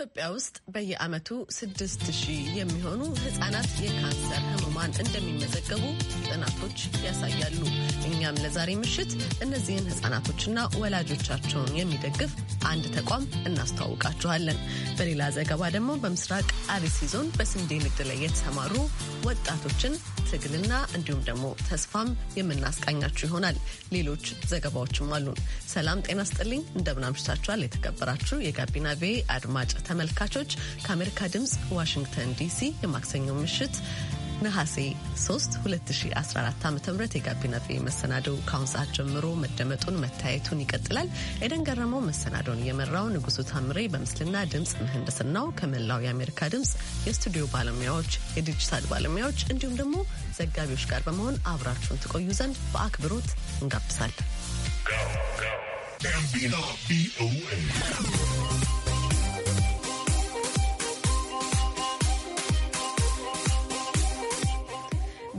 ኢትዮጵያ ውስጥ በየዓመቱ ስድስት ሺህ የሚሆኑ ህጻናት የካንሰር ህሙማን እንደሚመዘገቡ ጥናቶች ያሳያሉ። እኛም ለዛሬ ምሽት እነዚህን ህጻናቶችና ወላጆቻቸውን የሚደግፍ አንድ ተቋም እናስተዋውቃችኋለን። በሌላ ዘገባ ደግሞ በምስራቅ አርሲ ዞን በስንዴ ንግድ ላይ የተሰማሩ ወጣቶችን ትግልና እንዲሁም ደግሞ ተስፋም የምናስቃኛችሁ ይሆናል። ሌሎች ዘገባዎችም አሉን። ሰላም ጤና ስጥልኝ፣ እንደምናምሽታችኋል። የተከበራችሁ የጋቢና ቪኦኤ አድማጭ ተመልካቾች ከአሜሪካ ድምፅ ዋሽንግተን ዲሲ የማክሰኞ ምሽት ነሐሴ 3 2014 ዓ ም የጋቢና ቪ መሰናዶው ከአሁን ሰዓት ጀምሮ መደመጡን መታየቱን ይቀጥላል። ኤደን ገረመው መሰናዶውን የመራው ንጉሱ ታምሬ በምስልና ድምፅ ምህንድስናው ከመላው የአሜሪካ ድምፅ የስቱዲዮ ባለሙያዎች፣ የዲጂታል ባለሙያዎች እንዲሁም ደግሞ ዘጋቢዎች ጋር በመሆን አብራችሁን ትቆዩ ዘንድ በአክብሮት እንጋብዛለን።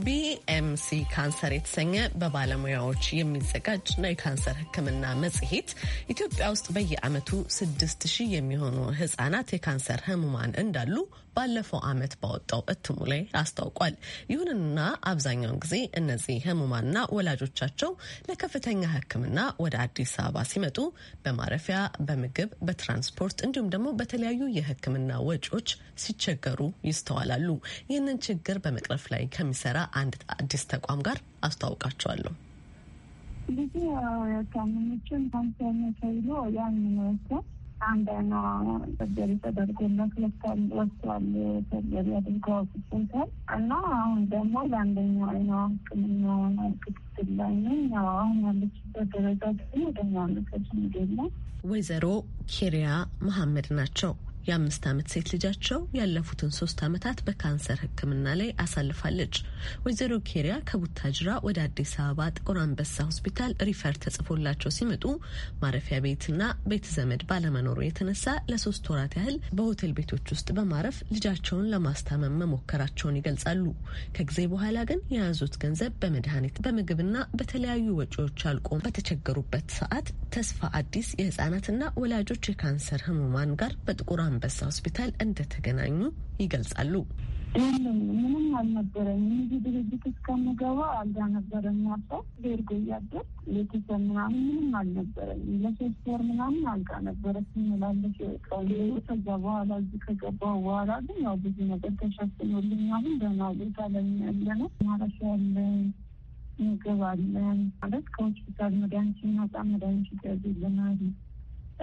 ቢኤምሲ ካንሰር የተሰኘ በባለሙያዎች የሚዘጋጅ እና የካንሰር ሕክምና መጽሔት ኢትዮጵያ ውስጥ በየአመቱ ስድስት ሺህ የሚሆኑ ህጻናት የካንሰር ህሙማን እንዳሉ ባለፈው ዓመት ባወጣው እትሙ ላይ አስታውቋል። ይሁንና አብዛኛውን ጊዜ እነዚህ ህሙማንና ወላጆቻቸው ለከፍተኛ ሕክምና ወደ አዲስ አበባ ሲመጡ በማረፊያ፣ በምግብ፣ በትራንስፖርት እንዲሁም ደግሞ በተለያዩ የሕክምና ወጪዎች ሲቸገሩ ይስተዋላሉ። ይህንን ችግር በመቅረፍ ላይ ከሚሰራ አንድ አዲስ ተቋም ጋር አስተዋውቃቸዋለሁ። ብዙ ታመሞችን ፓንሰር ተብሎ ያን ነው አንደኛ ሰርጀሪ ወጥቷል ወጥቷል ሰርጀሪ አድርጎ እና አሁን ደግሞ ክትትል ላይ ነኝ። ያው አሁን ያለችበት ደረጃ ወደኛ ወይዘሮ ኬሪያ መሐመድ ናቸው። የአምስት ዓመት ሴት ልጃቸው ያለፉትን ሶስት ዓመታት በካንሰር ሕክምና ላይ አሳልፋለች። ወይዘሮ ኬሪያ ከቡታጅራ ወደ አዲስ አበባ ጥቁር አንበሳ ሆስፒታል ሪፈር ተጽፎላቸው ሲመጡ ማረፊያ ቤትና ቤት ዘመድ ባለመኖሩ የተነሳ ለሶስት ወራት ያህል በሆቴል ቤቶች ውስጥ በማረፍ ልጃቸውን ለማስታመም መሞከራቸውን ይገልጻሉ። ከጊዜ በኋላ ግን የያዙት ገንዘብ በመድኃኒት በምግብና በተለያዩ ወጪዎች አልቆ በተቸገሩበት ሰዓት ተስፋ አዲስ የህጻናትና ወላጆች የካንሰር ህሙማን ጋር በጥቁር አንበሳ ሆስፒታል እንደተገናኙ ይገልጻሉ። ምንም አልነበረኝም። እዚህ ድርጅት እስከምገባ አልጋ ነበረ የሚያሰው ሄርጎ እያደር ቤተሰብ ምናምን ምንም አልነበረኝም። ለሶስት ወር ምናምን አልጋ ነበረ ስንላለች ቀሌ። ከዛ በኋላ እዚህ ከገባሁ በኋላ ግን ያው ብዙ ነገር ተሸፍኖልኝ አሁን ደህና ቦታ ላይ ያለ ነው። ማረሻ ያለን ምግብ አለን ማለት ከሆስፒታል መድኃኒት ሲናጣ መድኃኒት ይገዙልናል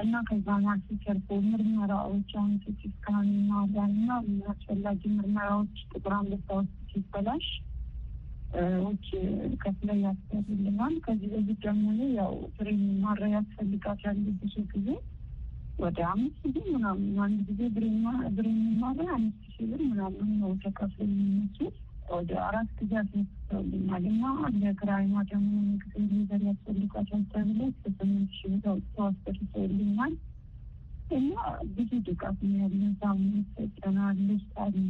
እና ከዛ አልፎ ተርፎ ምርመራዎች አሁን ሲቲ ስካን እና አስፈላጊ ምርመራዎች ጥቁር አንበሳ ውስጥ ሲበላሽ ውጭ ከፍለ ያስፈልልናል። ከዚህ በፊት ደግሞ ያው ብሬን ማድረግ ያስፈልጋት ያሉ ብዙ ጊዜ ወደ አምስት ጊዜ ምናምን አንድ ጊዜ ብሬን ማድረግ አምስት ሺህ ብር ምናምን ነው ተከፍሎ የሚነሱት ወደ አራት ጊዜ አትሊስት ሰውልናል እና ለክራይማ ደግሞ ምግብ ሊዘር ያስፈልጓቸው ተብሎ ስምንት ሺ ሰው አስደርሰውልናል እና ብዙ ድጋፍ ነው ያለን። ሳምንት ሰጠናል። ልጅ አለ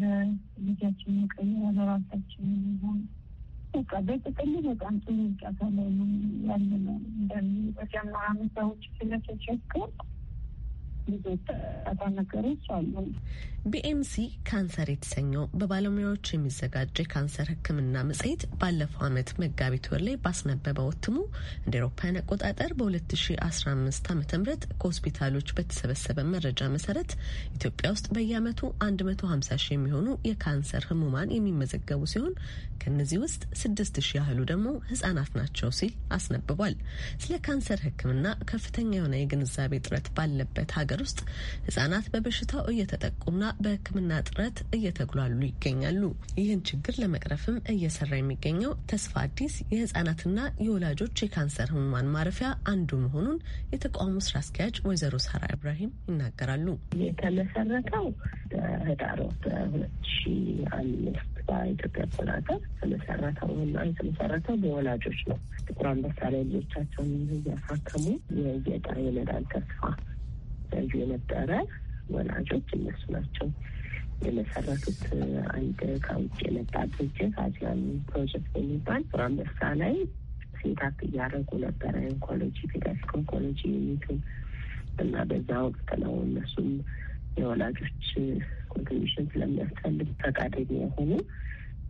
ልጃችን መቀየር ለራሳችን ሆን በቃ በጥቅል በጣም ጥሩ እርዳታ ላይ ያለ ነው። እንደሚ በጀመራ ምሳዎች ስለተቸገር ነገሮች አሉ። ቢኤምሲ ካንሰር የተሰኘው በባለሙያዎች የሚዘጋጀ የካንሰር ሕክምና መጽሔት ባለፈው ዓመት መጋቢት ወር ላይ ባስነበበው እትሙ እንደ ኤሮፓያን አቆጣጠር በ2015 ዓ ም ከሆስፒታሎች በተሰበሰበ መረጃ መሰረት ኢትዮጵያ ውስጥ በየዓመቱ 150 ሺህ የሚሆኑ የካንሰር ህሙማን የሚመዘገቡ ሲሆን ከእነዚህ ውስጥ 6 ሺህ ያህሉ ደግሞ ህጻናት ናቸው ሲል አስነብቧል። ስለ ካንሰር ሕክምና ከፍተኛ የሆነ የግንዛቤ ጥረት ባለበት ሀገር ሀገር ውስጥ ህጻናት በበሽታው እየተጠቁና በህክምና ጥረት እየተጉላሉ ይገኛሉ። ይህን ችግር ለመቅረፍም እየሰራ የሚገኘው ተስፋ አዲስ የህጻናትና የወላጆች የካንሰር ህሙማን ማረፊያ አንዱ መሆኑን የተቋሙ ስራ አስኪያጅ ወይዘሮ ሳራ ኢብራሂም ይናገራሉ። የተመሰረተው ህዳር ሁለት ሺ አምስት በኢትዮጵያ አቆጣጠር የተመሰረተው እና የተመሰረተው በወላጆች ነው። ጥቁር አንበሳ ላይ ልጆቻቸውን እያሳከሙ የጌጣ የመዳን ተስፋ ሲያዩ የነበረ ወላጆች እነሱ ናቸው የመሰረቱት አንድ ከውጭ የመጣ ድርጅት አዚያን ፕሮጀክት የሚባል አንበሳ ላይ ሴታክ እያደረጉ ነበረ ኦንኮሎጂ ፔዲያትሪክ ኦንኮሎጂ የሚቱ እና በዛ ወቅት ነው እነሱም የወላጆች ኮንትሪቢሽን ስለሚያስፈልግ ፈቃደኛ የሆኑ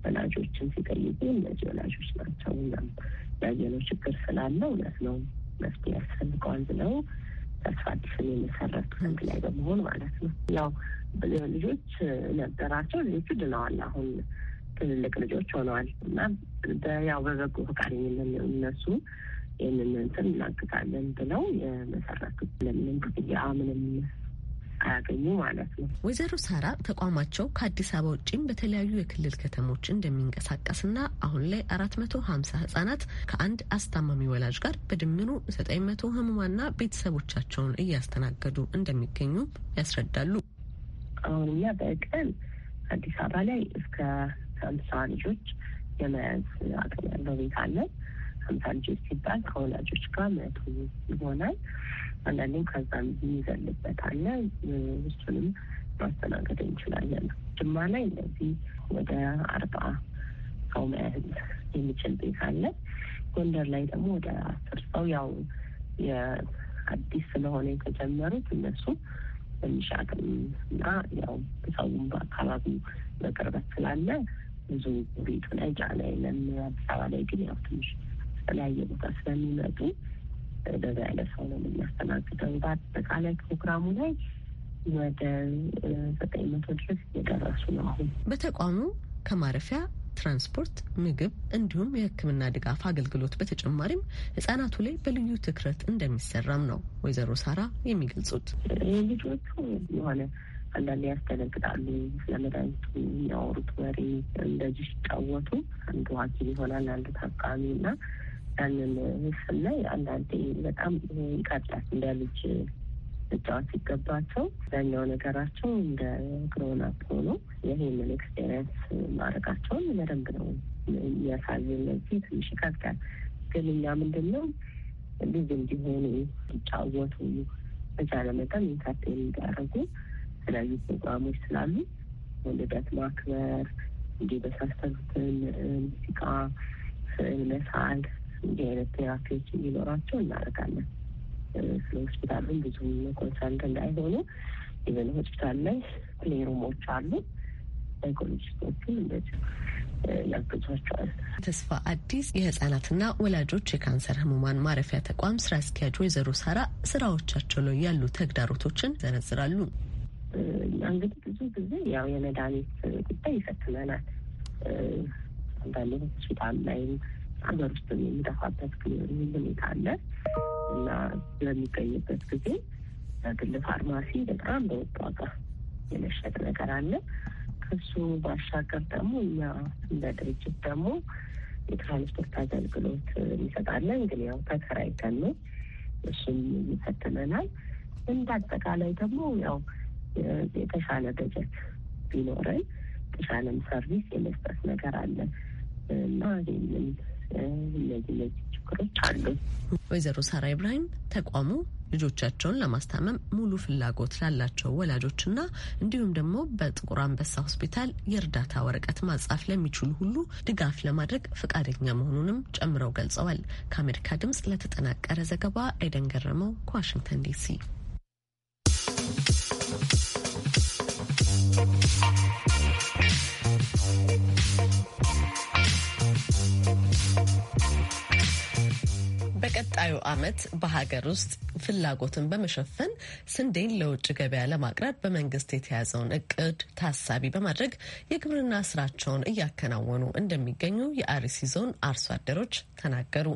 ወላጆችን ሲጠይቁ እነዚህ ወላጆች ናቸው እናም ያየነው ችግር ስላለ እውነት ነው መፍትሄ ያስፈልገዋል ብለው ተስፋ አዲስን የመሰረቱ ህንድ ላይ በመሆን ማለት ነው። ያው ልጆች ነበራቸው። ልጆቹ ድነዋል። አሁን ትልልቅ ልጆች ሆነዋል እና ያው በበጎ ፈቃደኝነት እነሱ ይህንን እንትን እናግዛለን ብለው የመሰረቱ ለምንም ክፍያ ምንም አያገኙ ማለት ነው። ወይዘሮ ሳራ ተቋማቸው ከአዲስ አበባ ውጭም በተለያዩ የክልል ከተሞች እንደሚንቀሳቀስና አሁን ላይ አራት መቶ ሀምሳ ህጻናት ከአንድ አስታማሚ ወላጅ ጋር በድምሩ ዘጠኝ መቶ ህሙማና ቤተሰቦቻቸውን እያስተናገዱ እንደሚገኙ ያስረዳሉ። አሁን እኛ በቀን አዲስ አበባ ላይ እስከ ሀምሳ ልጆች የመያዝ አቅም ያለው ቤት አለን። ሀምሳ ልጆች ሲባል ከወላጆች ጋር መቶ ይሆናል። አንዳንዴም ከዛም የሚዘልበት አለ። እሱንም ማስተናገድ እንችላለን። ጅማ ላይ እነዚህ ወደ አርባ ሰው መያዝ የሚችል ቤት አለ። ጎንደር ላይ ደግሞ ወደ አስር ሰው ያው የአዲስ ስለሆነ የተጀመሩት እነሱ ትንሽ አቅም እና ያው ሰውም በአካባቢው በቅርበት ስላለ ብዙ ቤቱ ላይ ጫና የለም። አዲስ አበባ ላይ ግን ያው ትንሽ የተለያየ ቦታ ስለሚመጡ በዛ ያለ ሰው ነው የምናስተናግደው። በአጠቃላይ ፕሮግራሙ ላይ ወደ ዘጠኝ መቶ ድረስ እየደረሱ ነው። አሁን በተቋሙ ከማረፊያ ትራንስፖርት፣ ምግብ እንዲሁም የሕክምና ድጋፍ አገልግሎት በተጨማሪም ህጻናቱ ላይ በልዩ ትኩረት እንደሚሰራም ነው ወይዘሮ ሳራ የሚገልጹት። ልጆቹ የሆነ አንዳንድ ያስደነግጣሉ። ስለ መድኃኒቱ የሚያወሩት ወሬ እንደዚህ ሲጫወቱ አንዱ ሐኪም ይሆናል አንዱ ታካሚ እና ያንን ላይ አንዳንዴ በጣም ይቀጥላል እንደ ልጅ መጫወት ሲገባቸው አብዛኛው ነገራቸው እንደ ግሮውን አፕ ሆኖ ይህንን ኤክስፔሪንስ ማድረጋቸውን በደንብ ነው የሚያሳዩ። እነዚህ ትንሽ ይከብዳል። ግን እኛ ምንድን ነው ልጅ እንዲሆኑ ይጫወቱ በቻለ መጠን ኢንተርቴን እንዲያደርጉ የተለያዩ ፕሮግራሞች ስላሉ ልደት ማክበር እንዲህ በሳስተሩትን ሙዚቃ፣ ስዕል መሳል እንዲህ አይነት ቴራፒዎች እንዲኖራቸው እናደርጋለን። ስለ ሆስፒታሉም ብዙ ኮንሰርንት እንዳይሆኑ ኢቨን ሆስፒታል ላይ ፕሌሩሞች አሉ። ሳይኮሎጂስቶቹ እንደዚሁ ያግዟቸዋል። ተስፋ አዲስ የህጻናትና ወላጆች የካንሰር ህሙማን ማረፊያ ተቋም ስራ አስኪያጅ ወይዘሮ ሳራ ስራዎቻቸው ላይ ያሉ ተግዳሮቶችን ዘረዝራሉ። እኛ እንግዲህ ብዙ ጊዜ ያው የመድኃኒት ጉዳይ ይፈትመናል። አንዳንድ ሆስፒታል ላይም ሀገር ውስጥ የሚጠፋበት ሁኔታ አለ እና በሚገኝበት ጊዜ በግል ፋርማሲ በጣም በወጡ ዋጋ የመሸጥ ነገር አለ። ከሱ ባሻገር ደግሞ እኛ እንደ ድርጅት ደግሞ የትራንስፖርት አገልግሎት እንሰጣለን። ግን ያው ተከራይተን ነው እሱም ይፈትነናል። እንደ አጠቃላይ ደግሞ ያው የተሻለ በጀት ቢኖረን የተሻለም ሰርቪስ የመስጠት ነገር አለ እና ይህንን እነዚህ እነዚህ ችግሮች አሉ። ወይዘሮ ሳራ ኢብራሂም ተቋሙ ልጆቻቸውን ለማስታመም ሙሉ ፍላጎት ላላቸው ወላጆችና እንዲሁም ደግሞ በጥቁር አንበሳ ሆስፒታል የእርዳታ ወረቀት ማጻፍ ለሚችሉ ሁሉ ድጋፍ ለማድረግ ፈቃደኛ መሆኑንም ጨምረው ገልጸዋል። ከአሜሪካ ድምጽ ለተጠናቀረ ዘገባ አይደን ገረመው ከዋሽንግተን ዲሲ። በቀጣዩ ዓመት በሀገር ውስጥ ፍላጎትን በመሸፈን ስንዴን ለውጭ ገበያ ለማቅረብ በመንግስት የተያዘውን እቅድ ታሳቢ በማድረግ የግብርና ስራቸውን እያከናወኑ እንደሚገኙ የአርሲ ዞን አርሶ አደሮች ተናገሩ።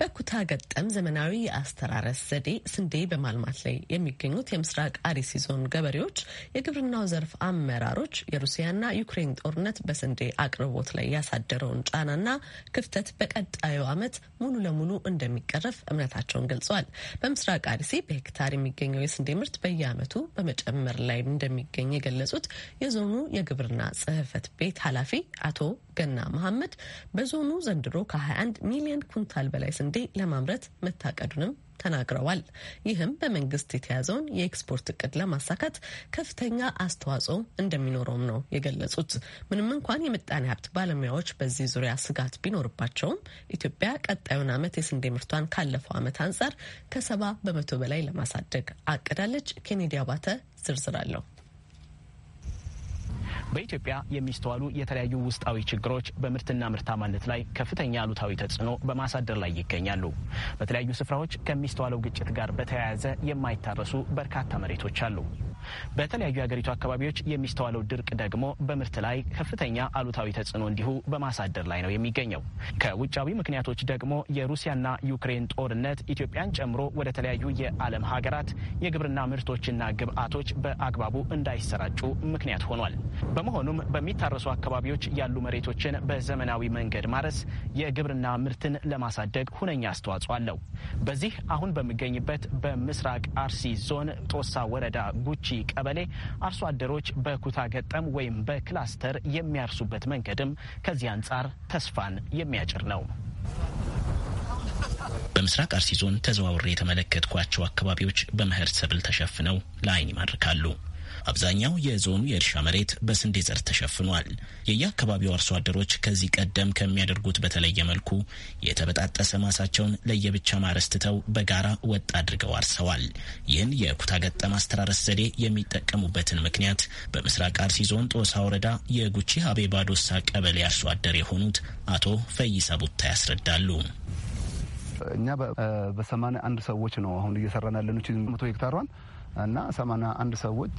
በኩታ ገጠም ዘመናዊ የአስተራረስ ዘዴ ስንዴ በማልማት ላይ የሚገኙት የምስራቅ አርሲ ዞን ገበሬዎች የግብርናው ዘርፍ አመራሮች የሩሲያና ዩክሬን ጦርነት በስንዴ አቅርቦት ላይ ያሳደረውን ጫናና ክፍተት በቀጣዩ ዓመት ሙሉ ለሙሉ እንደሚቀ እንደሚያሳርፍ እምነታቸውን ገልጸዋል። በምስራቅ አርሲ በሄክታር የሚገኘው የስንዴ ምርት በየዓመቱ በመጨመር ላይ እንደሚገኝ የገለጹት የዞኑ የግብርና ጽህፈት ቤት ኃላፊ አቶ ገና መሐመድ በዞኑ ዘንድሮ ከ21 ሚሊዮን ኩንታል በላይ ስንዴ ለማምረት መታቀዱንም ተናግረዋል። ይህም በመንግስት የተያዘውን የኤክስፖርት እቅድ ለማሳካት ከፍተኛ አስተዋጽኦ እንደሚኖረውም ነው የገለጹት። ምንም እንኳን የምጣኔ ሀብት ባለሙያዎች በዚህ ዙሪያ ስጋት ቢኖርባቸውም ኢትዮጵያ ቀጣዩን ዓመት የስንዴ ምርቷን ካለፈው ዓመት አንጻር ከሰባ በመቶ በላይ ለማሳደግ አቅዳለች። ኬኔዲ አባተ ዝርዝር አለው። በኢትዮጵያ የሚስተዋሉ የተለያዩ ውስጣዊ ችግሮች በምርትና ምርታማነት ላይ ከፍተኛ አሉታዊ ተጽዕኖ በማሳደር ላይ ይገኛሉ። በተለያዩ ስፍራዎች ከሚስተዋለው ግጭት ጋር በተያያዘ የማይታረሱ በርካታ መሬቶች አሉ። በተለያዩ የሀገሪቱ አካባቢዎች የሚስተዋለው ድርቅ ደግሞ በምርት ላይ ከፍተኛ አሉታዊ ተጽዕኖ እንዲሁ በማሳደር ላይ ነው የሚገኘው። ከውጫዊ ምክንያቶች ደግሞ የሩሲያና ዩክሬን ጦርነት ኢትዮጵያን ጨምሮ ወደ ተለያዩ የዓለም ሀገራት የግብርና ምርቶችና ግብአቶች በአግባቡ እንዳይሰራጩ ምክንያት ሆኗል። በመሆኑም በሚታረሱ አካባቢዎች ያሉ መሬቶችን በዘመናዊ መንገድ ማረስ የግብርና ምርትን ለማሳደግ ሁነኛ አስተዋጽኦ አለው። በዚህ አሁን በሚገኝበት በምስራቅ አርሲ ዞን ጦሳ ወረዳ ጉቺ ቀበሌ አርሶ አደሮች በኩታ ገጠም ወይም በክላስተር የሚያርሱበት መንገድም ከዚህ አንጻር ተስፋን የሚያጭር ነው። በምስራቅ አርሲ ዞን ተዘዋውሬ የተመለከትኳቸው አካባቢዎች በመኸር ሰብል ተሸፍነው ለአይን ይማርካሉ። አብዛኛው የዞኑ የእርሻ መሬት በስንዴ ዘር ተሸፍኗል። የየአካባቢው አርሶ አደሮች ከዚህ ቀደም ከሚያደርጉት በተለየ መልኩ የተበጣጠሰ ማሳቸውን ለየብቻ ማረስ ትተው በጋራ ወጥ አድርገው አርሰዋል። ይህን የኩታ ገጠም አስተራረስ ዘዴ የሚጠቀሙበትን ምክንያት በምስራቅ አርሲ ዞን ጦሳ ወረዳ የጉቺ አቤባ ዶሳ ቀበሌ አርሶ አደር የሆኑት አቶ ፈይሳ ቡታ ያስረዳሉ። እኛ በሰማንያ አንድ ሰዎች ነው አሁን እየሰራን ያለነው መቶ ሄክታሯን እና ሰማንያ አንድ ሰዎች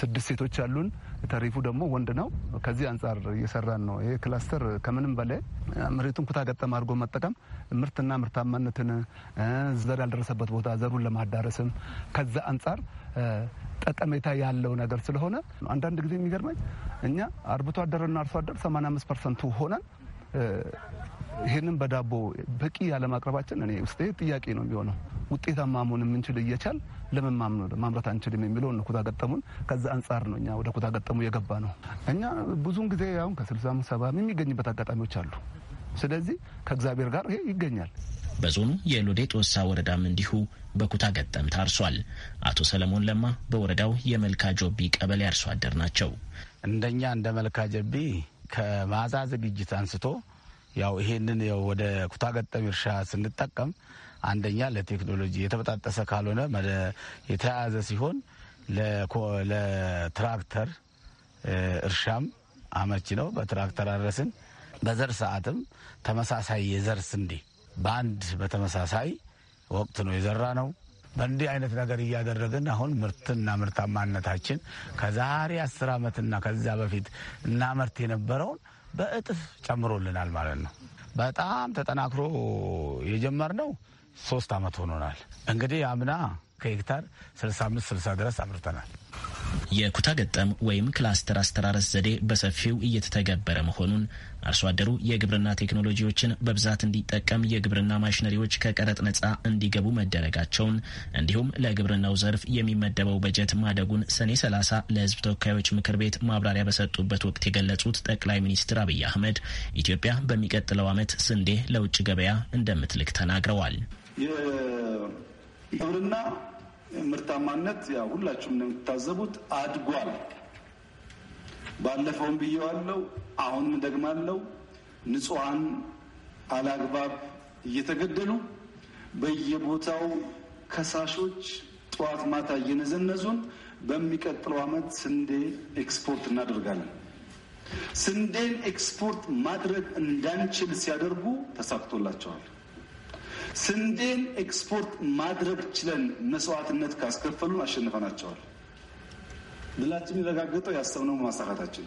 ስድስት ሴቶች አሉን። ተሪፉ ደግሞ ወንድ ነው። ከዚህ አንጻር እየሰራን ነው። ይህ ክላስተር ከምንም በላይ መሬቱን ኩታ ገጠም አድርጎ መጠቀም ምርትና ምርታማነትን ዘር ያልደረሰበት ቦታ ዘሩን ለማዳረስም ከዛ አንጻር ጠቀሜታ ያለው ነገር ስለሆነ አንዳንድ ጊዜ የሚገርመኝ እኛ አርብቶ አደርና አርሶ አደር 85 ፐርሰንቱ ሆነን ይህንን በዳቦ በቂ ያለማቅረባችን እኔ ውስጤ ጥያቄ ነው የሚሆነው። ውጤታማ መሆን የምንችል እየቻል ለምን ማምረት አንችልም የሚለው ኩታ ገጠሙን ከዛ አንጻር ነው እኛ ወደ ኩታ ገጠሙ የገባ ነው። እኛ ብዙውን ጊዜ አሁን ከስልሳም ሰባም የሚገኝበት አጋጣሚዎች አሉ። ስለዚህ ከእግዚአብሔር ጋር ይሄ ይገኛል። በዞኑ የሎዴ ጦሳ ወረዳም እንዲሁ በኩታ ገጠም ታርሷል። አቶ ሰለሞን ለማ በወረዳው የመልካ ጆቢ ቀበሌ አርሶ አደር ናቸው። እንደኛ እንደ መልካ ጀቢ ከማዛ ዝግጅት አንስቶ ያው ይሄንን ያው ወደ ኩታገጠም እርሻ ስንጠቀም አንደኛ ለቴክኖሎጂ የተበጣጠሰ ካልሆነ የተያያዘ ሲሆን ለትራክተር እርሻም አመች ነው። በትራክተር አረስን። በዘር ሰዓትም ተመሳሳይ የዘር ስንዴ በአንድ በተመሳሳይ ወቅት ነው የዘራ ነው። በእንዲህ አይነት ነገር እያደረግን አሁን ምርትና ምርታማነታችን ከዛሬ አስር ዓመትና ከዛ በፊት እናመርት የነበረውን በእጥፍ ጨምሮልናል ማለት ነው። በጣም ተጠናክሮ የጀመርነው ሶስት አመት ሆኖናል። እንግዲህ አምና ከሄክታር 65 60 ድረስ አምርተናል። የኩታ ገጠም ወይም ክላስተር አስተራረስ ዘዴ በሰፊው እየተተገበረ መሆኑን አርሶ አደሩ የግብርና ቴክኖሎጂዎችን በብዛት እንዲጠቀም የግብርና ማሽነሪዎች ከቀረጥ ነጻ እንዲገቡ መደረጋቸውን እንዲሁም ለግብርናው ዘርፍ የሚመደበው በጀት ማደጉን ሰኔ 30 ለሕዝብ ተወካዮች ምክር ቤት ማብራሪያ በሰጡበት ወቅት የገለጹት ጠቅላይ ሚኒስትር አብይ አህመድ ኢትዮጵያ በሚቀጥለው ዓመት ስንዴ ለውጭ ገበያ እንደምትልክ ተናግረዋል። ግብርና ምርታማነት ያ ሁላችሁም እንደምታዘቡት አድጓል። ባለፈውም ብየዋለው፣ አሁንም ደግማለው። ንጹሐን አላግባብ እየተገደሉ በየቦታው ከሳሾች ጠዋት ማታ እየነዘነዙን በሚቀጥለው ዓመት ስንዴ ኤክስፖርት እናደርጋለን። ስንዴን ኤክስፖርት ማድረግ እንዳንችል ሲያደርጉ ተሳክቶላቸዋል። ስንዴን ኤክስፖርት ማድረግ ችለን መስዋዕትነት ካስከፈሉን አሸንፈናቸዋል። ድላችን የሚረጋገጠው ያሰብነው ማሳካታችን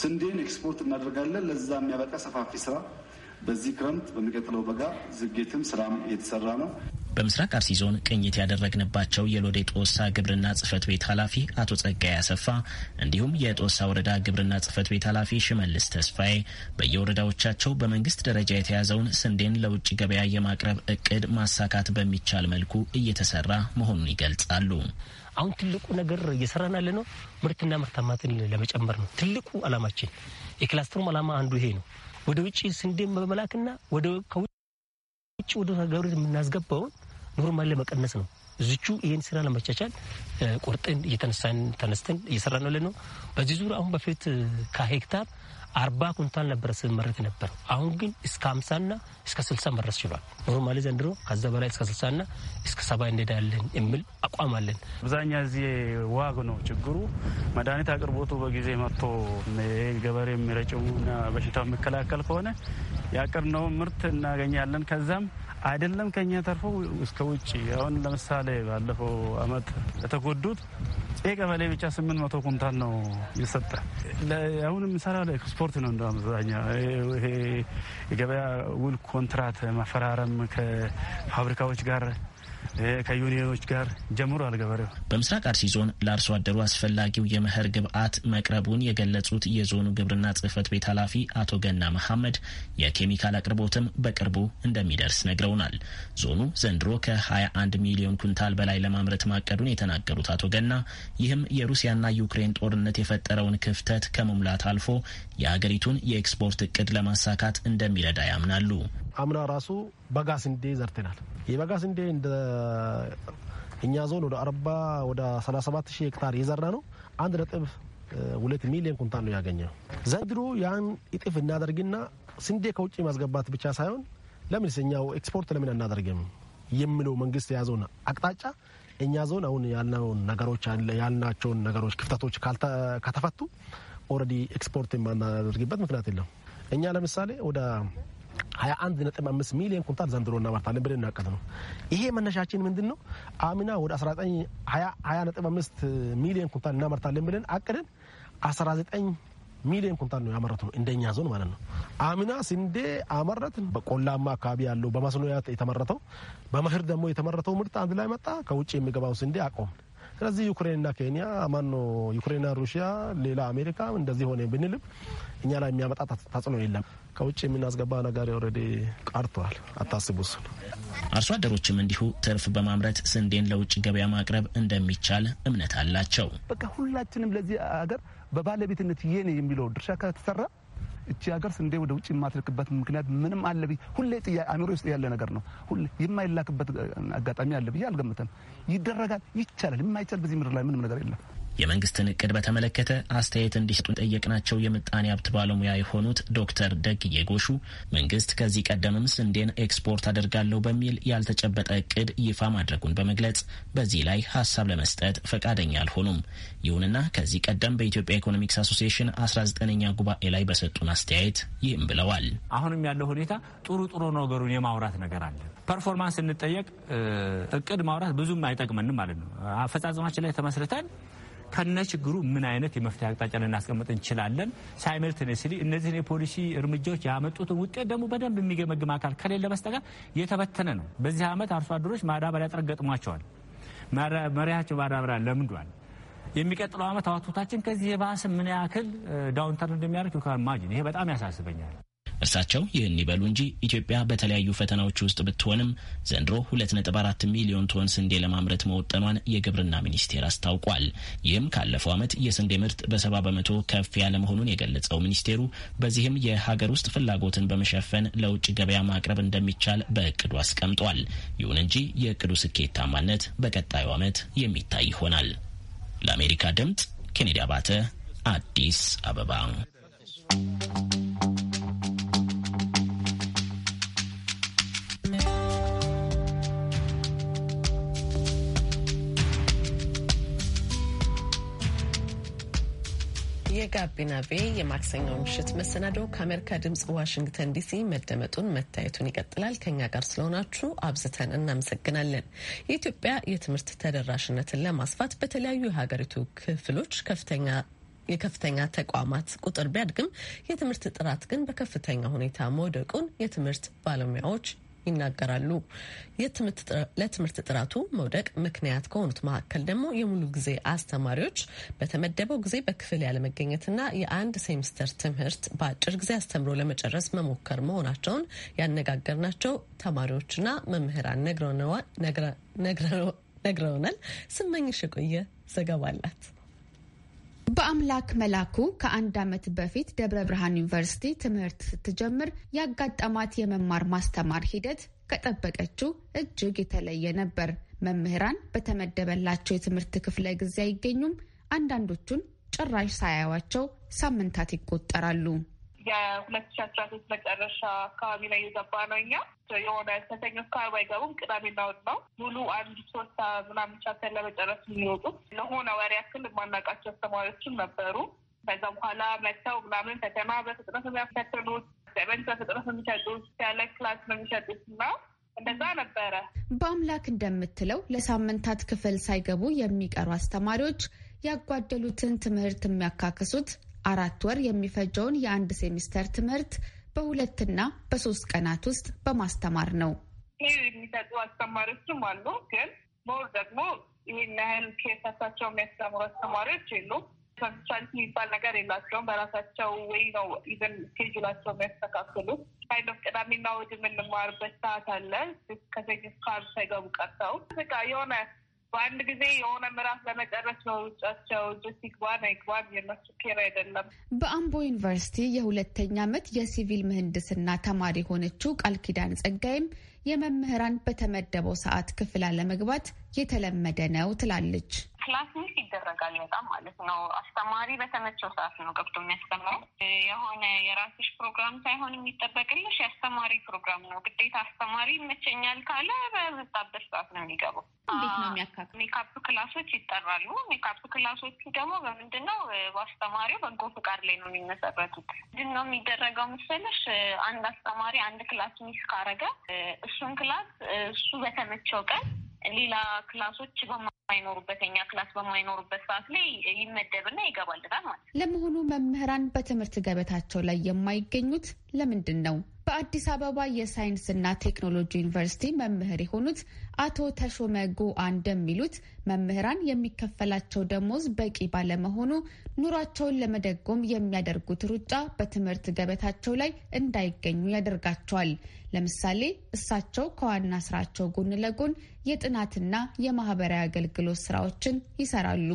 ስንዴን ኤክስፖርት እናደርጋለን። ለዛ የሚያበቃ ሰፋፊ ስራ በዚህ ክረምት በሚቀጥለው በጋ ዝግጅትም ስራም እየተሰራ ነው። በምስራቅ አርሲ ዞን ቅኝት ያደረግንባቸው የሎዴ ጦሳ ግብርና ጽህፈት ቤት ኃላፊ አቶ ጸጋይ አሰፋ እንዲሁም የጦሳ ወረዳ ግብርና ጽህፈት ቤት ኃላፊ ሽመልስ ተስፋዬ በየወረዳዎቻቸው በመንግስት ደረጃ የተያዘውን ስንዴን ለውጭ ገበያ የማቅረብ እቅድ ማሳካት በሚቻል መልኩ እየተሰራ መሆኑን ይገልጻሉ። አሁን ትልቁ ነገር እየሰራን ያለ ነው ምርትና ምርታማትን ለመጨመር ነው ትልቁ አላማችን። የክላስተሩም አላማ አንዱ ይሄ ነው። ወደ ውጭ ስንዴ በመላክና ወደ ውጭ ወደ ሀገሪቱ የምናስገባውን ኖርማል ለመቀነስ ነው። እዚቹ ይህን ስራ ለመቻቻል ቆርጠን እየተነሳን ተነስተን እየሰራ ነው። በዚህ ዙር አሁን በፊት ከሄክታር አርባ ኩንታል ነበረ ስመረት ነበር። አሁን ግን እስከ ሀምሳና እስከ ስልሳ መረስ ችሏል። ኖርማሊ ዘንድሮ ከዛ በላይ እስከ ስልሳና እስከ ሰባ እንሄዳለን የሚል አቋም አለን። አብዛኛ እዚህ ዋግ ነው ችግሩ። መድኃኒት አቅርቦቱ በጊዜ መጥቶ ገበሬ የሚረጭውና በሽታው የሚከላከል ከሆነ ነው ምርት እናገኛለን። ከዛም አይደለም ከኛ ተርፎ እስከ ውጭ አሁን ለምሳሌ ባለፈው አመት ለተጎዱት ይህ ቀበሌ ብቻ ስምንት መቶ ኩንታል ነው የሰጠ። አሁን የምሰራው ለኤክስፖርት ነው። እንደ አብዛኛው ይሄ የገበያ ውል ኮንትራት ማፈራረም ከፋብሪካዎች ጋር ከዩኒዮኖች ጋር ጀምሯል። ገበሬው በምስራቅ አርሲ ዞን ለአርሶ አደሩ አስፈላጊው የመኸር ግብዓት መቅረቡን የገለጹት የዞኑ ግብርና ጽህፈት ቤት ኃላፊ አቶ ገና መሐመድ የኬሚካል አቅርቦትም በቅርቡ እንደሚደርስ ነግረውናል። ዞኑ ዘንድሮ ከ21 ሚሊዮን ኩንታል በላይ ለማምረት ማቀዱን የተናገሩት አቶ ገና ይህም የሩሲያና ዩክሬን ጦርነት የፈጠረውን ክፍተት ከመሙላት አልፎ የሀገሪቱን የኤክስፖርት እቅድ ለማሳካት እንደሚረዳ ያምናሉ። አምና ራሱ በጋ ስንዴ ዘርተናል። የበጋ ስንዴ እኛ ዞን ወደ አርባ ወደ 37 ሺህ ሄክታር የዘራ ነው አንድ ነጥብ ሁለት ሚሊዮን ኩንታል ነው ያገኘው። ዘንድሮ ያን እጥፍ እናደርግና ስንዴ ከውጭ ማስገባት ብቻ ሳይሆን ለምን እኛው ኤክስፖርት ለምን አናደርግም የሚለው መንግስት የያዘውን አቅጣጫ እኛ ዞን አሁን ያልናውን ነገሮች ያልናቸውን ነገሮች ክፍተቶች ከተፈቱ ኦልሬዲ ኤክስፖርት የማናደርግበት ምክንያት የለም። እኛ ለምሳሌ ወደ 21.5 ሚሊዮን ኩንታል ዘንድሮ እናመርታለን ብለን እናቀድ ነው። ይሄ መነሻችን ምንድን ነው? አምና ወደ 1925 ሚሊዮን ኩንታል እናመርታለን ብለን አቅደን 19 ሚሊዮን ኩንታል ነው ያመረቱ ነው እንደኛ ዞን ማለት ነው። አምና ስንዴ አመረትን በቆላማ አካባቢ ያለው በመስኖ የተመረተው በመህር ደግሞ የተመረተው ምርት አንድ ላይ መጣ። ከውጭ የሚገባው ስንዴ አቆም ስለዚህ ዩክሬንና ኬንያ ማኖ ዩክሬንና ሩሽያ ሌላ አሜሪካ እንደዚህ ሆነ ብንልም እኛ ላይ የሚያመጣ ተጽዕኖ የለም። ከውጭ የምናስገባ ነገር ኦልሬዲ ቀርተዋል። አታስቡ አርሶ አደሮችም እንዲሁ ትርፍ በማምረት ስንዴን ለውጭ ገበያ ማቅረብ እንደሚቻል እምነት አላቸው። በቃ ሁላችንም ለዚህ አገር በባለቤትነት የኔ የሚለው ድርሻ ከተሰራ እቺ ሀገር ስንዴ ወደ ውጭ የማትልክበት ምክንያት ምንም አለ ብዬ ሁሌ አእምሮ ውስጥ ያለ ነገር ነው። ሁሌ የማይላክበት አጋጣሚ አለ ብዬ አልገምተም። ይደረጋል፣ ይቻላል። የማይቻል በዚህ ምድር ላይ ምንም ነገር የለም። የመንግስትን እቅድ በተመለከተ አስተያየት እንዲሰጡን ጠየቅናቸው። የምጣኔ ሀብት ባለሙያ የሆኑት ዶክተር ደግዬ ጎሹ መንግስት ከዚህ ቀደምም ስንዴን ኤክስፖርት አደርጋለሁ በሚል ያልተጨበጠ እቅድ ይፋ ማድረጉን በመግለጽ በዚህ ላይ ሀሳብ ለመስጠት ፈቃደኛ አልሆኑም። ይሁንና ከዚህ ቀደም በኢትዮጵያ ኢኮኖሚክስ አሶሲሽን አስራ ዘጠነኛ ጉባኤ ላይ በሰጡን አስተያየት ይህም ብለዋል። አሁንም ያለው ሁኔታ ጥሩ ጥሩ ነገሩን የማውራት ነገር አለ። ፐርፎርማንስ ስንጠየቅ እቅድ ማውራት ብዙም አይጠቅመንም ማለት ነው። አፈጻጸማችን ላይ ተመስርተን ከነ ችግሩ ምን አይነት የመፍትሄ አቅጣጫ ልናስቀምጥ እንችላለን። ሳይመልትነስሊ እነዚህን የፖሊሲ እርምጃዎች ያመጡትን ውጤት ደግሞ በደንብ የሚገመግም አካል ከሌለ በስተቀር የተበተነ ነው። በዚህ ዓመት አርሶ አደሮች ማዳበሪያ ጥረት ገጥሟቸዋል። መሪያቸው ማዳበሪያ ለምዷል። የሚቀጥለው ዓመት አዋቶታችን ከዚህ የባሰ ምን ያክል ዳውንተር እንደሚያደርግ ይሄ በጣም ያሳስበኛል። እርሳቸው ይህን ይበሉ እንጂ ኢትዮጵያ በተለያዩ ፈተናዎች ውስጥ ብትሆንም ዘንድሮ 2.4 ሚሊዮን ቶን ስንዴ ለማምረት መወጠኗን የግብርና ሚኒስቴር አስታውቋል። ይህም ካለፈው ዓመት የስንዴ ምርት በሰባ በመቶ ከፍ ያለ መሆኑን የገለጸው ሚኒስቴሩ በዚህም የሀገር ውስጥ ፍላጎትን በመሸፈን ለውጭ ገበያ ማቅረብ እንደሚቻል በእቅዱ አስቀምጧል። ይሁን እንጂ የእቅዱ ስኬታማነት በቀጣዩ ዓመት የሚታይ ይሆናል። ለአሜሪካ ድምፅ ኬኔዲ አባተ አዲስ አበባ የጋቢና ቤ የማክሰኛው ምሽት መሰናዶ ከአሜሪካ ድምፅ ዋሽንግተን ዲሲ መደመጡን መታየቱን ይቀጥላል። ከኛ ጋር ስለሆናችሁ አብዝተን እናመሰግናለን። የኢትዮጵያ የትምህርት ተደራሽነትን ለማስፋት በተለያዩ የሀገሪቱ ክፍሎች ከፍተኛ የከፍተኛ ተቋማት ቁጥር ቢያድግም የትምህርት ጥራት ግን በከፍተኛ ሁኔታ መውደቁን የትምህርት ባለሙያዎች ይናገራሉ። ለትምህርት ጥራቱ መውደቅ ምክንያት ከሆኑት መካከል ደግሞ የሙሉ ጊዜ አስተማሪዎች በተመደበው ጊዜ በክፍል ያለመገኘትና የአንድ ሴምስተር ትምህርት በአጭር ጊዜ አስተምሮ ለመጨረስ መሞከር መሆናቸውን ያነጋገርናቸው ተማሪዎችና መምህራን ነግረውናል። ስመኝሽ የቆየ ዘገባ አላት። በአምላክ መላኩ ከአንድ ዓመት በፊት ደብረ ብርሃን ዩኒቨርሲቲ ትምህርት ስትጀምር ያጋጠማት የመማር ማስተማር ሂደት ከጠበቀችው እጅግ የተለየ ነበር። መምህራን በተመደበላቸው የትምህርት ክፍለ ጊዜ አይገኙም። አንዳንዶቹን ጭራሽ ሳያዩዋቸው ሳምንታት ይቆጠራሉ። የሁለት ሺ አስራ ሶስት መጨረሻ አካባቢ ላይ የገባ ነው። እኛ የሆነ ሰተኞ አካባቢ አይገቡም። ቅዳሜና እሑድ ነው ሙሉ አንድ ሶስት ምናምን ቻፕተር ለመጨረስ የሚወጡት ለሆነ ወር ያክል የማናውቃቸው አስተማሪዎችም ነበሩ። ከዛ በኋላ መጥተው ምናምን ፈተና በፍጥነት የሚያፈትኑት ዘመን በፍጥነት የሚሰጡት ያለ ክላስ ነው የሚሰጡት እና እንደዛ ነበረ። በአምላክ እንደምትለው ለሳምንታት ክፍል ሳይገቡ የሚቀሩ አስተማሪዎች ያጓደሉትን ትምህርት የሚያካክሱት አራት ወር የሚፈጀውን የአንድ ሴሚስተር ትምህርት በሁለትና በሶስት ቀናት ውስጥ በማስተማር ነው። የሚሰጡ አስተማሪዎችም አሉ፣ ግን ሞር ደግሞ ይህን ያህል ኬርሰታቸው የሚያስተምሩ አስተማሪዎች የሉም። ኮንሰልት የሚባል ነገር የላቸውም። በራሳቸው ወይ ነው ኢቨን ስኬጁላቸው የሚያስተካክሉት። አይነት ቅዳሜና እሑድ የምንማርበት ሰዓት አለ። ከሰኞ ካር ሳይገቡ ቀርተው በቃ የሆነ በአንድ ጊዜ የሆነ ምዕራፍ ለመጨረስ ነው ሩጫቸው። እጅ ይግባን አይግባን የነሱ ኬር አይደለም። በአምቦ ዩኒቨርሲቲ የሁለተኛ ዓመት የሲቪል ምህንድስና ተማሪ የሆነችው ቃል ኪዳን ጸጋይም የመምህራን በተመደበው ሰዓት ክፍል አለመግባት የተለመደ ነው ትላለች። ክላስ ሚስ ይደረጋል በጣም ማለት ነው። አስተማሪ በተመቸው ሰዓት ነው ገብቶ የሚያስተምረው። የሆነ የራስሽ ፕሮግራም ሳይሆን የሚጠበቅልሽ የአስተማሪ ፕሮግራም ነው ግዴታ። አስተማሪ ይመቸኛል ካለ በመጣበት ሰዓት ነው የሚገባው። እንዴት ነው ሜካፕ ክላሶች ይጠራሉ። ሜካፕ ክላሶቹ ደግሞ በምንድን ነው በአስተማሪው በጎ ፍቃድ ላይ ነው የሚመሰረቱት። ምንድን ነው የሚደረገው መሰለሽ? አንድ አስተማሪ አንድ ክላስ ሚስ ካረገ እሱን ክላስ እሱ በተመቸው ቀን ሌላ ክላሶች በማ በማይኖሩበት እኛ ክላስ በማይኖሩበት ሰዓት ላይ ይመደብና ይገባልናል ማለት ነው። ለመሆኑ መምህራን በትምህርት ገበታቸው ላይ የማይገኙት ለምንድን ነው? በአዲስ አበባ የሳይንስና ቴክኖሎጂ ዩኒቨርሲቲ መምህር የሆኑት አቶ ተሾመ ጎአ እንደሚሉት መምህራን የሚከፈላቸው ደሞዝ በቂ ባለመሆኑ ኑሯቸውን ለመደጎም የሚያደርጉት ሩጫ በትምህርት ገበታቸው ላይ እንዳይገኙ ያደርጋቸዋል። ለምሳሌ እሳቸው ከዋና ስራቸው ጎን ለጎን የጥናትና የማህበራዊ አገልግሎት ስራዎችን ይሰራሉ።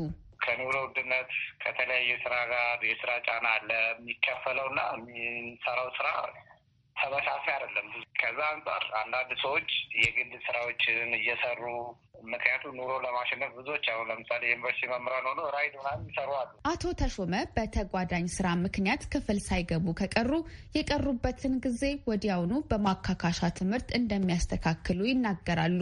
ከኑሮ ውድነት ከተለያየ ስራ ጋር የስራ ጫና አለ። የሚከፈለውና የሚሰራው ስራ ተመሳሳይ አይደለም። ከዛ አንጻር አንዳንድ ሰዎች የግል ስራዎችን እየሰሩ ምክንያቱም ኑሮ ለማሸነፍ ብዙዎች አሁን ለምሳሌ ዩኒቨርሲቲ መምህራን ሆኖ ራይድ ምናምን ይሰሩ አሉ። አቶ ተሾመ በተጓዳኝ ስራ ምክንያት ክፍል ሳይገቡ ከቀሩ የቀሩበትን ጊዜ ወዲያውኑ በማካካሻ ትምህርት እንደሚያስተካክሉ ይናገራሉ።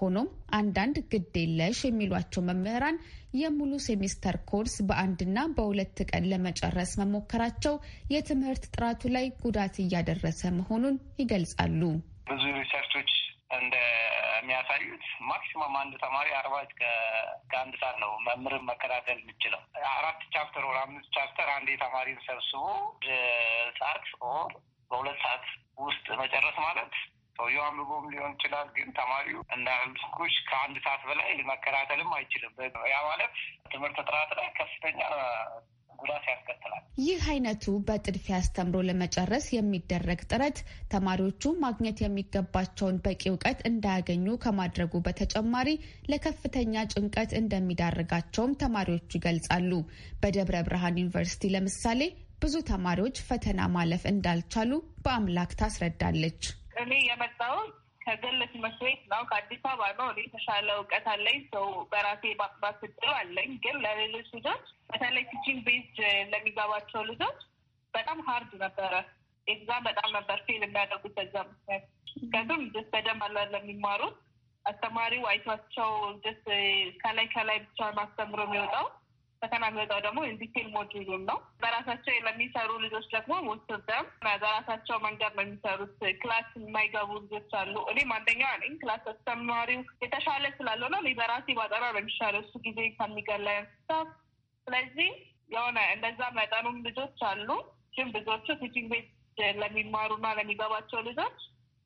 ሆኖም አንዳንድ ግድ የለሽ የሚሏቸው መምህራን የሙሉ ሴሚስተር ኮርስ በአንድና በሁለት ቀን ለመጨረስ መሞከራቸው የትምህርት ጥራቱ ላይ ጉዳት እያደረሰ መሆኑን ይገልጻሉ። ብዙ ሪሰርቾች እንደሚያሳዩት ማክሲመም አንድ ተማሪ አርባ እስከ አንድ ሰዓት ነው መምህርን መከታተል የምችለው። አራት ቻፕተር ወር አምስት ቻፕተር አንድ የተማሪን ሰብስቦ ሰዓት ኦር በሁለት ሰዓት ውስጥ መጨረስ ማለት ሰውየው አንብቦም ሊሆን ይችላል። ግን ተማሪው እና ስኩሽ ከአንድ ሰዓት በላይ መከታተልም አይችልም። ያ ማለት ትምህርት ጥራት ላይ ከፍተኛ ጉዳት ያስከትላል። ይህ አይነቱ በጥድፊያ አስተምሮ ለመጨረስ የሚደረግ ጥረት ተማሪዎቹ ማግኘት የሚገባቸውን በቂ እውቀት እንዳያገኙ ከማድረጉ በተጨማሪ ለከፍተኛ ጭንቀት እንደሚዳርጋቸውም ተማሪዎቹ ይገልጻሉ። በደብረ ብርሃን ዩኒቨርሲቲ ለምሳሌ ብዙ ተማሪዎች ፈተና ማለፍ እንዳልቻሉ በአምላክ ታስረዳለች። እኔ የመጣሁት ከግል ትምህርት ቤት ነው። ከአዲስ አበባ ነው። እኔ የተሻለ እውቀት አለኝ። ሰው በራሴ ማጥባት እድል አለኝ። ግን ለሌሎች ልጆች በተለይ ቲቺንግ ቤዝ ለሚገባቸው ልጆች በጣም ሀርድ ነበረ። ኤግዛም በጣም ነበር ፌል የሚያደርጉት በዛ ምክንያት። ምክንያቱም ጀስት በደንብ አላ ለሚማሩት አስተማሪው አይቷቸው ደስ ከላይ ከላይ ብቻ ማስተምሮ የሚወጣው ፈተና የሚወጣው ደግሞ ኢንዲቴል ሞጁሉን ነው። በራሳቸው ለሚሰሩ ልጆች ደግሞ ወስደም በራሳቸው መንገድ ነው የሚሰሩት። ክላስ የማይገቡ ልጆች አሉ። እኔም አንደኛ ነኝ። ክላስ አስተማሪው የተሻለ ስላልሆነ እኔ በራሴ ባጠራ ነው የሚሻለው እሱ ጊዜ ከሚገላ ስታፍ። ስለዚህ የሆነ እንደዛ መጠኑም ልጆች አሉ። ግን ብዙዎቹ ቲችንግ ቤት ለሚማሩና ለሚገባቸው ልጆች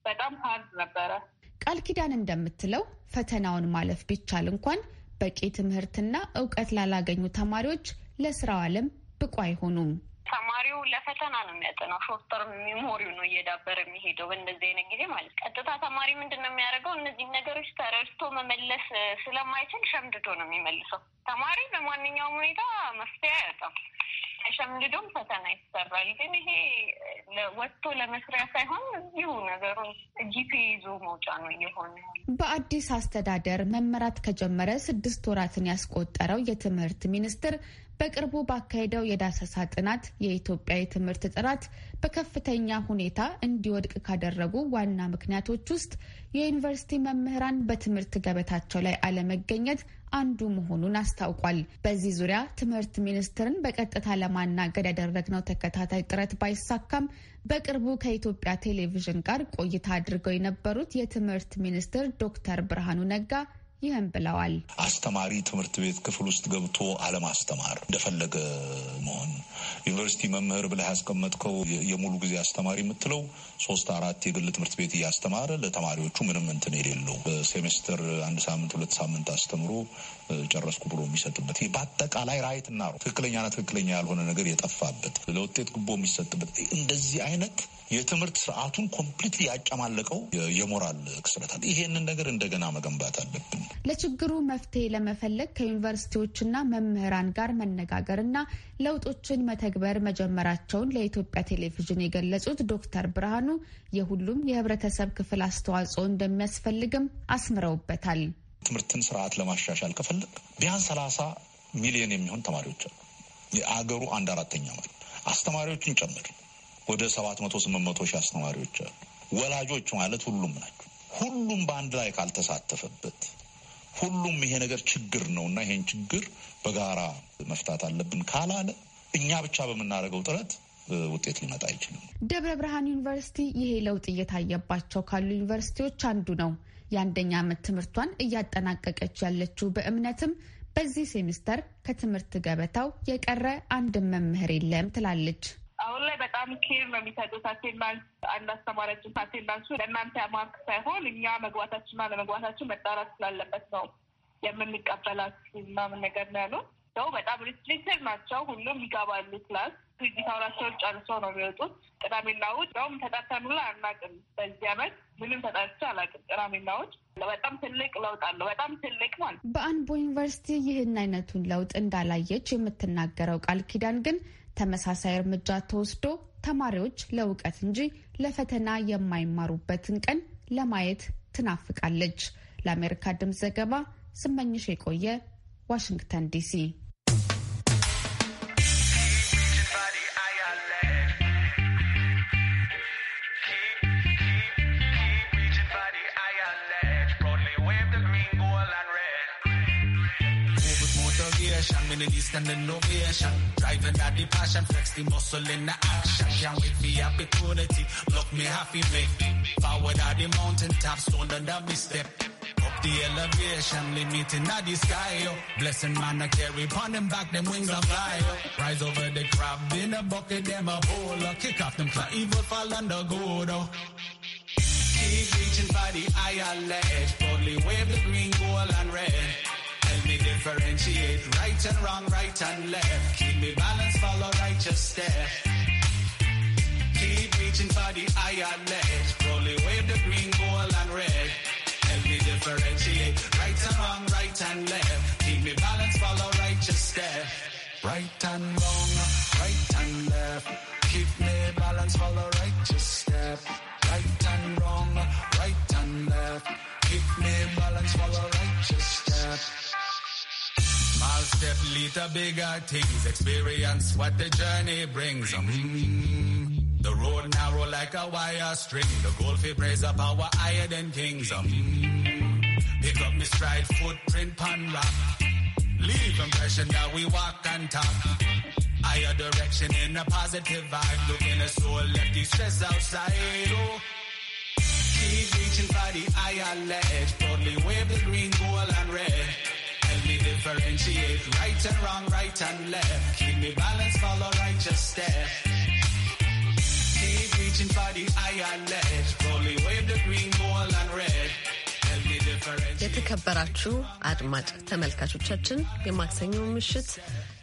በጣም ሀርድ ነበረ። ቃል ኪዳን እንደምትለው ፈተናውን ማለፍ ቢቻል እንኳን በቂ ትምህርትና እውቀት ላላገኙ ተማሪዎች ለስራው ዓለም ብቁ አይሆኑም። ተማሪው ለፈተና ነው የሚያጠናው። ሾርት ተርም ሜሞሪው ነው እየዳበረ የሚሄደው በእንደዚህ አይነት ጊዜ ማለት ቀጥታ ተማሪ ምንድን ነው የሚያደርገው? እነዚህን ነገሮች ተረድቶ መመለስ ስለማይችል ሸምድዶ ነው የሚመልሰው። ተማሪ በማንኛውም ሁኔታ መፍትሄ አያጣም። ሸምድዶም ፈተና ይሰራል። ግን ይሄ ወጥቶ ለመስሪያ ሳይሆን እዚሁ ነገሩን ጂፒ ይዞ መውጫ ነው እየሆነ በአዲስ አስተዳደር መመራት ከጀመረ ስድስት ወራትን ያስቆጠረው የትምህርት ሚኒስቴር በቅርቡ ባካሄደው የዳሰሳ ጥናት የኢትዮጵያ የትምህርት ጥራት በከፍተኛ ሁኔታ እንዲወድቅ ካደረጉ ዋና ምክንያቶች ውስጥ የዩኒቨርሲቲ መምህራን በትምህርት ገበታቸው ላይ አለመገኘት አንዱ መሆኑን አስታውቋል። በዚህ ዙሪያ ትምህርት ሚኒስትርን በቀጥታ ለማናገድ ያደረግነው ተከታታይ ጥረት ባይሳካም በቅርቡ ከኢትዮጵያ ቴሌቪዥን ጋር ቆይታ አድርገው የነበሩት የትምህርት ሚኒስትር ዶክተር ብርሃኑ ነጋ ይህም ብለዋል። አስተማሪ ትምህርት ቤት ክፍል ውስጥ ገብቶ አለማስተማር፣ እንደፈለገ መሆን፣ ዩኒቨርሲቲ መምህር ብለህ ያስቀመጥከው የሙሉ ጊዜ አስተማሪ የምትለው ሶስት አራት የግል ትምህርት ቤት እያስተማረ ለተማሪዎቹ ምንም እንትን የሌለው በሴሜስተር አንድ ሳምንት ሁለት ሳምንት አስተምሮ ጨረስኩ ብሎ የሚሰጥበት ይህ በአጠቃላይ ራይትና ትክክለኛና ትክክለኛ ያልሆነ ነገር የጠፋበት ለውጤት ጉቦ የሚሰጥበት እንደዚህ አይነት የትምህርት ስርዓቱን ኮምፕሊትሊ ያጨማለቀው የሞራል ክስረታል። ይሄንን ነገር እንደገና መገንባት አለብን። ለችግሩ መፍትሄ ለመፈለግ ከዩኒቨርሲቲዎችና መምህራን ጋር መነጋገርና ለውጦችን መተግበር መጀመራቸውን ለኢትዮጵያ ቴሌቪዥን የገለጹት ዶክተር ብርሃኑ የሁሉም የህብረተሰብ ክፍል አስተዋጽኦ እንደሚያስፈልግም አስምረውበታል። ትምህርትን ስርዓት ለማሻሻል ከፈለግ ቢያንስ ሰላሳ ሚሊዮን የሚሆን ተማሪዎች አሉ። የአገሩ አንድ አራተኛ ማለት አስተማሪዎቹን ጨምር ወደ ሰባት መቶ ስምንት መቶ ሺህ አስተማሪዎች አሉ። ወላጆች ማለት ሁሉም ናቸው። ሁሉም በአንድ ላይ ካልተሳተፈበት ሁሉም ይሄ ነገር ችግር ነው እና ይሄን ችግር በጋራ መፍታት አለብን ካላለ እኛ ብቻ በምናደርገው ጥረት ውጤት ሊመጣ አይችልም። ደብረ ብርሃን ዩኒቨርሲቲ ይሄ ለውጥ እየታየባቸው ካሉ ዩኒቨርሲቲዎች አንዱ ነው። የአንደኛ ዓመት ትምህርቷን እያጠናቀቀች ያለችው በእምነትም በዚህ ሴሚስተር ከትምህርት ገበታው የቀረ አንድም መምህር የለም ትላለች። አሁን ላይ በጣም ኬር ነው የሚሰጡት። አቴንዳንስ አንድ አስተማሪያችን አቴንዳንሱ ለእናንተ ማርክ ሳይሆን እኛ መግባታችንና ለመግባታችን መጣራት ስላለበት ነው የምንቀበላት ምናምን ነገር ነው ያሉት። ናቸው። በጣም ሪስትሪክትድ ናቸው። ሁሉም ይገባሉ ክላስ ዲታውራቸውን ጨርሰው ነው የሚወጡት። ቅዳሜና እሑድ እንደውም ተጠርተን ሁላ አናውቅም። በዚህ አመት ምንም ተጠርቼ አላውቅም። ቅዳሜና እሑድ በጣም ትልቅ ለውጥ አለው። በጣም ትልቅ ማለት በአንቦ ዩኒቨርሲቲ ይህን አይነቱን ለውጥ እንዳላየች የምትናገረው ቃል ኪዳን ግን ተመሳሳይ እርምጃ ተወስዶ ተማሪዎች ለእውቀት እንጂ ለፈተና የማይማሩበትን ቀን ለማየት ትናፍቃለች። ለአሜሪካ ድምፅ ዘገባ ስመኝሽ የቆየ ዋሽንግተን ዲሲ። community standing ovation. Driving at the passion, flex the muscle in the action. Can't wait for the opportunity, look me happy, make Forward at the mountain tops, stone under me step. Up the elevation, limiting at the sky, yo. Blessing man, I carry upon them back, them wings are fly, yo. Rise over the crab in a bucket, them a bowler. Kick off them claw, evil fall under gold, oh. Keep reaching for the higher ledge, boldly wave the green, gold, and red. Help me differentiate right and wrong, right and left. Keep me balanced, follow righteous step. Keep reaching for the higher ledge. Slowly wave the green, gold, and red. Help me differentiate right and wrong, right and left. Keep me balanced, follow righteous step. Right and wrong, right and left. Keep me balanced, follow righteous step. Right and wrong, right and left. Keep me balanced, follow Small step lead to bigger things. Experience what the journey brings. Mm. The road narrow like a wire string. The goal fee praise up our higher than kings. Mm. Pick up my stride, footprint pan rock. Leave impression that we walk on top. Higher direction in a positive vibe. Look in the soul, let the stress outside. Oh. Keep reaching for the higher ledge. Broadly wave the green, gold, and red differentiate right and wrong, right and left. Keep me balanced, follow righteous steps. Keep reaching for the higher ledge. Slowly wave the green, gold, and red. የተከበራችሁ አድማጭ ተመልካቾቻችን የማክሰኞ ምሽት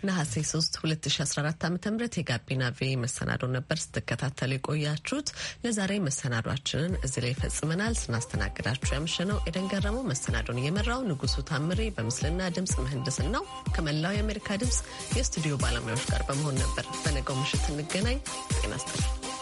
ነሐሴ 3 2014 ዓ ም የጋቢና ቪ መሰናዶ ነበር ስትከታተሉ የቆያችሁት። ለዛሬ መሰናዷችንን እዚህ ላይ ይፈጽመናል። ስናስተናግዳችሁ ያምሸነው ኤደን ገረመው፣ መሰናዶን የመራው ንጉሱ ታምሬ በምስልና ድምፅ ምህንድስ ነው ከመላው የአሜሪካ ድምፅ የስቱዲዮ ባለሙያዎች ጋር በመሆን ነበር። በነገው ምሽት እንገናኝ። ጤና ይስጥልኝ።